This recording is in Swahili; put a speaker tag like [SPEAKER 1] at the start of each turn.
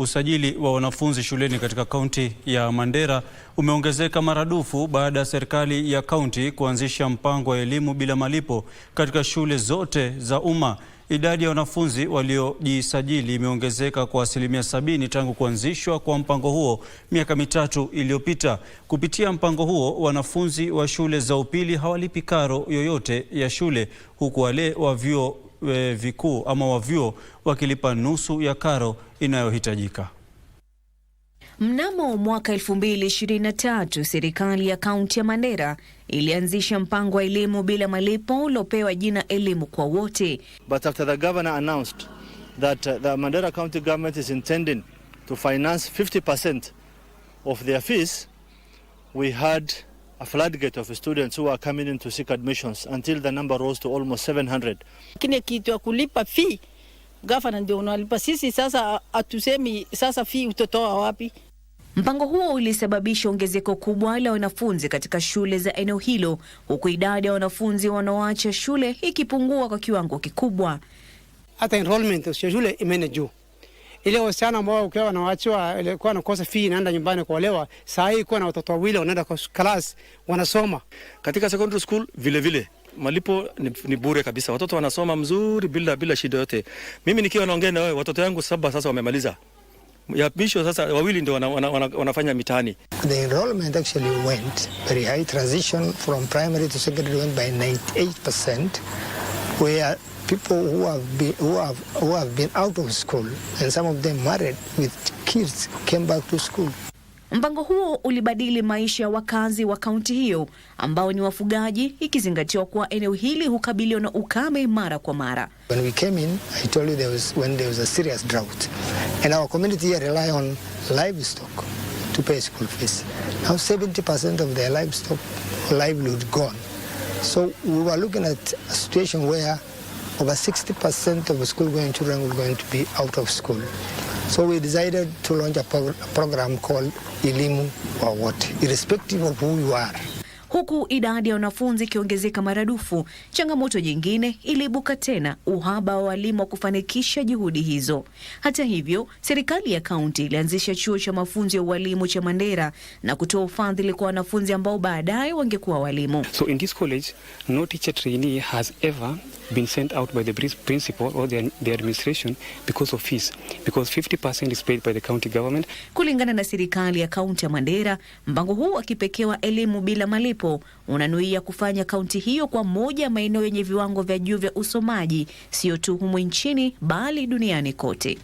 [SPEAKER 1] Usajili wa wanafunzi shuleni katika kaunti ya Mandera umeongezeka maradufu baada ya serikali ya kaunti kuanzisha mpango wa elimu bila malipo katika shule zote za umma. Idadi ya wanafunzi waliojisajili imeongezeka kwa asilimia sabini tangu kuanzishwa kwa mpango huo miaka mitatu iliyopita. Kupitia mpango huo, wanafunzi wa shule za upili hawalipi karo yoyote ya shule, huku wale wa vyuo e, vikuu ama wa wakilipa nusu ya karo inayohitajika.
[SPEAKER 2] Mnamo mwaka 2023 serikali ya kaunti ya Mandera ilianzisha mpango wa elimu bila malipo uliopewa jina elimu kwa wote.
[SPEAKER 3] But after the governor announced that uh, the Mandera county government is intending to finance 50% of their fees, we had A floodgate of students who are coming in to seek admissions until the number rose to almost 700.
[SPEAKER 4] Kile kitu ya kulipa fee gavana ndio unalipa sisi, sasa atusemi sasa fee utotoa wapi?
[SPEAKER 2] Mpango huo ulisababisha ongezeko kubwa la wanafunzi katika shule za eneo hilo, huku idadi ya wanafunzi wanaoacha shule ikipungua kwa kiwango kikubwa.
[SPEAKER 5] Hata enrollment ya shule imeenda juu. Ile wasichana ambao ukiwa wanawachiwa ilikuwa nakosa fee naenda nyumbani kuolewa, saa hii kuwa na watoto wawili wanaenda kwa class wanasoma
[SPEAKER 6] katika secondary school vile vile malipo ni, ni bure kabisa. Watoto wanasoma mzuri bila, bila shida yote. Mimi nikiwa naongea na wewe watoto yangu saba sasa wamemaliza ya misho sasa, wawili ndio wana, wana, wana, wanafanya mitani.
[SPEAKER 7] The enrollment actually went very high, transition from primary to secondary went by 98% where people who have been, who have, who have been out of school and some of them married with kids came back to school.
[SPEAKER 2] Mpango huo ulibadili maisha ya wakazi wa kaunti hiyo ambao ni wafugaji, ikizingatiwa kuwa eneo hili hukabiliwa na ukame mara kwa mara.
[SPEAKER 7] When we came in, I told you there was, when there was a serious drought and our community here rely on livestock to pay school fees. Now 70% of their livestock livelihood gone. So we were looking at a situation where over 60% of school going children were going to be out of school. So we decided to launch a, pro a program called Elimu or what, irrespective of who you are.
[SPEAKER 2] Huku idadi ya wanafunzi ikiongezeka maradufu, changamoto nyingine iliibuka tena, uhaba wa walimu wa kufanikisha juhudi hizo. Hata hivyo, serikali ya kaunti ilianzisha chuo cha mafunzo ya ualimu cha Mandera na kutoa ufadhili kwa wanafunzi ambao baadaye wangekuwa walimu.
[SPEAKER 8] So in this college, no teacher trainee has ever been sent out by the principal or the, the administration because of fees, because 50% is paid by the county government.
[SPEAKER 2] Kulingana na serikali ya kaunti ya Mandera, mpango huu wa kipekee wa elimu bila malipo unanuia kufanya kaunti hiyo kwa moja ya maeneo yenye viwango vya juu vya usomaji, sio tu humu nchini bali duniani kote.